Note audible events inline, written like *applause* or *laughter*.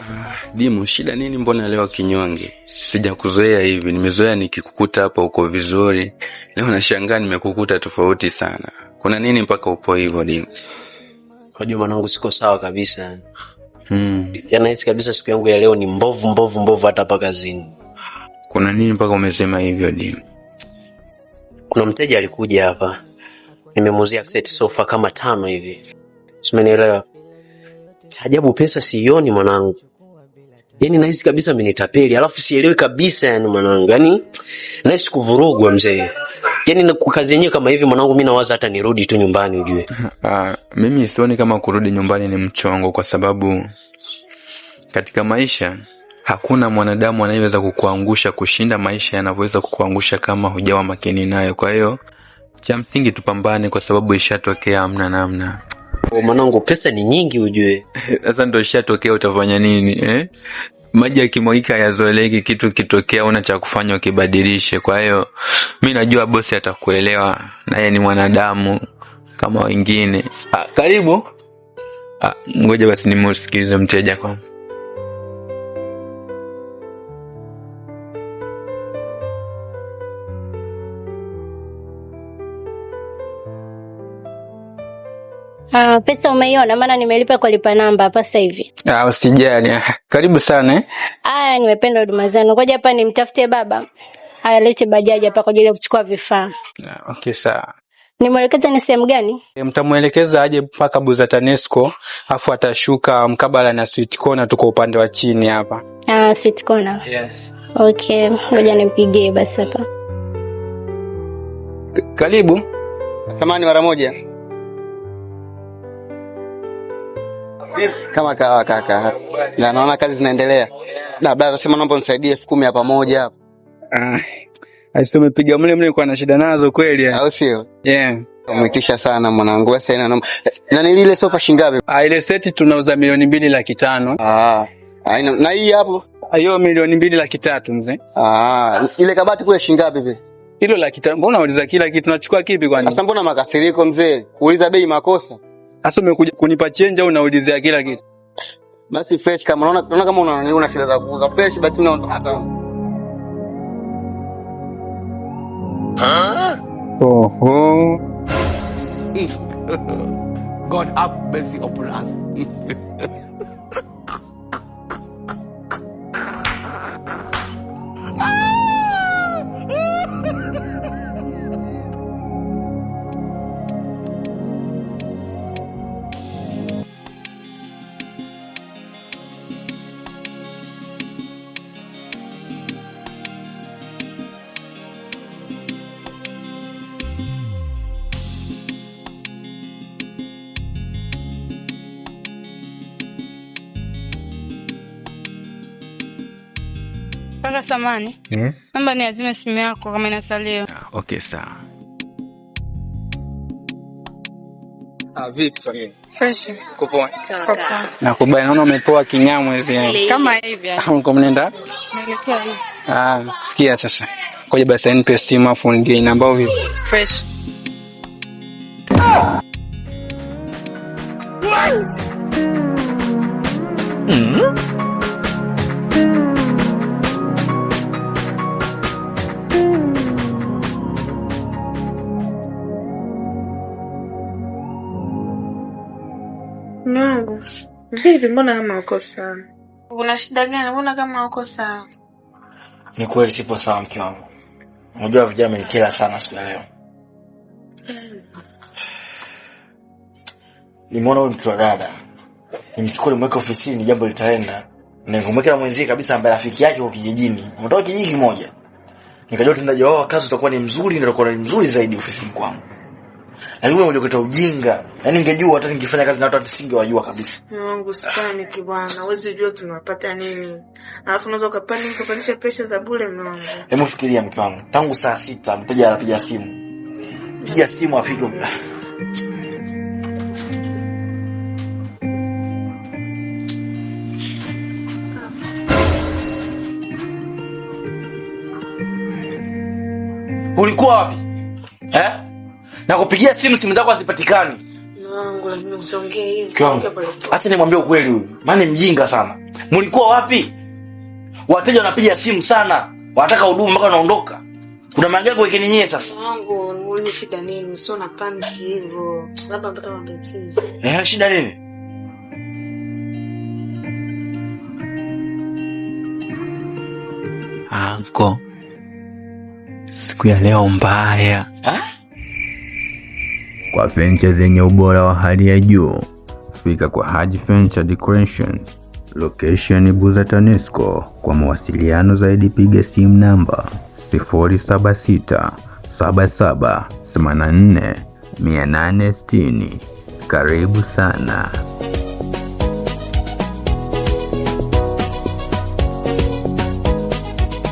Ah, Dimu, shida nini? Mbona leo kinyonge? Sijakuzoea hivi, nimezoea nikikukuta hapa uko vizuri. Leo nashangaa nimekukuta tofauti sana. Kuna nini mpaka upo hivyo Dimu? Unajua mwanangu, siko sawa kabisa. Mm. Yanahisi kabisa siku yangu ya leo ni mbovu mbovu mbovu, hata hapa kazini. Kuna nini mpaka umesema hivyo Dimu? Kuna mteja alikuja hapa nimemuzia set sofa kama tano hivi, simenielewa? Cha ajabu pesa sioni mwanangu, yani nahisi kabisa amenitapeli, alafu sielewi kabisa yani mwanangu, yani nahisi kuvurugwa mzee, yani kazi yenyewe kama hivi mwanangu, mi nawaza hata nirudi tu nyumbani ujue. *laughs* Ah, mimi sioni kama kurudi nyumbani ni mchongo, kwa sababu katika maisha hakuna mwanadamu anayeweza kukuangusha kushinda maisha yanavyoweza kukuangusha kama hujawa makini nayo. Kwa hiyo cha msingi tupambane, kwa sababu ishatokea, hamna namna. Mwanangu, pesa ni nyingi ujue. *laughs* Sasa ndo ishatokea, utafanya nini eh? Maji yakimwagika yazoeleki Kitu kitokea, una cha kufanya ukibadilishe. Kwa hiyo mi najua bosi atakuelewa, naye ni mwanadamu kama wengine. Ah, karibu ah, ngoja basi nimusikilize mteja kwanza. Uh, pesa umeiona, maana nimelipa kwa lipa namba hapa sasa hivi. Ah, usijali. Karibu sana eh. Aya, nimependa huduma zenu. Ngoja hapa nimtafutie baba. Aya, lete bajaji hapa kwa ajili ya kuchukua vifaa. Yeah, Okay, sawa. Nimwelekeza ni sehemu gani? E, mtamwelekeza aje mpaka Buza Tanesco, afu atashuka mkabala na Sweet Corner, tuko upande wa chini hapa. Ah, Sweet Corner. Yes. Okay, ngoja nimpigie basi hapa. Karibu. Samani mara moja. kama kawa kaka, na naona kazi zinaendelea, Na labda atasema naomba unisaidie elfu kumi ya pamoja hapa. Asi ah, tumepiga mle mle kwa na shida nazo kweli, au sio? Yeah. Umekisha sana mwanangu, Sasa haina na ni ile sofa shingapi? Ah, ile seti tunauza milioni mbili laki tano. Ah. Aina na hii hapo. Ah, hiyo milioni mbili laki tatu mzee. Ah, ile kabati kule shingapi vile? Hilo laki tano. Mbona unauliza kila kitu? Tunachukua kipi kwani? Sasa mbona makasiriko mzee? Kuuliza bei makosa. Sasa umekuja kunipa change au unaulizia kila kitu? Basi fresh kama unaona unaona kama una una shida za kuuza fresh basi mimi naona hata. Ah? Oho. Eh. God have mercy upon us. *laughs* Kaka Samani, yes. Namba ni azime simu yako kama inasalia. Ah, okay, sawa. Ah, vipi familia? Fresh. Kupo. Na Nakubali, naona umepoa kinyamwezi. Kama hivi yani. mnenda? mnaenda? hivi. Ah, sikia sasa. Ngoja basi nipe simu afu niingie namba hiyo. Fresh. Mm. hmm Mume wangu vipi, mbona kama uko sawa? Una shida gani? Mbona kama uko sawa? Ni kweli sipo sawa, mke wangu. Unajua vijana amenikera sana siku ya leo. Nimeona huyu mtu wa dada nimchukue nimweke ofisini, jambo litaenda. Nikamweke na mwenzie kabisa ambaye rafiki yake kwa kijijini, unatoka kijiji kimoja. Nikajua utendaji wao kazi utakuwa ni mzuri, ndio utakuwa ni mzuri zaidi ofisini kwangu alikuwa mmoja kuleta ujinga. Yaani ningejua hata ningefanya kazi na watu hata kabisa. Mungu sipani kibwana, huwezi jua tunapata nini. Alafu unaweza ukapani ukapandisha pesa za bure mwanangu. Hebu fikiria mke wangu. Tangu saa sita mteja anapiga simu. Piga simu afike. Ulikuwa wapi? Eh? na kupigia simu, simu zako hazipatikani. Acha nimwambie ukweli huyu, maana ni mjinga sana. Mlikuwa wapi? Wateja wanapiga simu sana, wanataka huduma mpaka wanaondoka. Kuna mangia gani kwekeni nyewe sasa? Wangu, shida nini? na Eh, shida nini? Anko, siku ya leo mbaya kwa fenicha zenye ubora wa hali ya juu. Fika kwa Haji Furniture Decorations, location Buza TANESCO. Kwa mawasiliano zaidi piga simu namba 076 77 84 860. Karibu sana.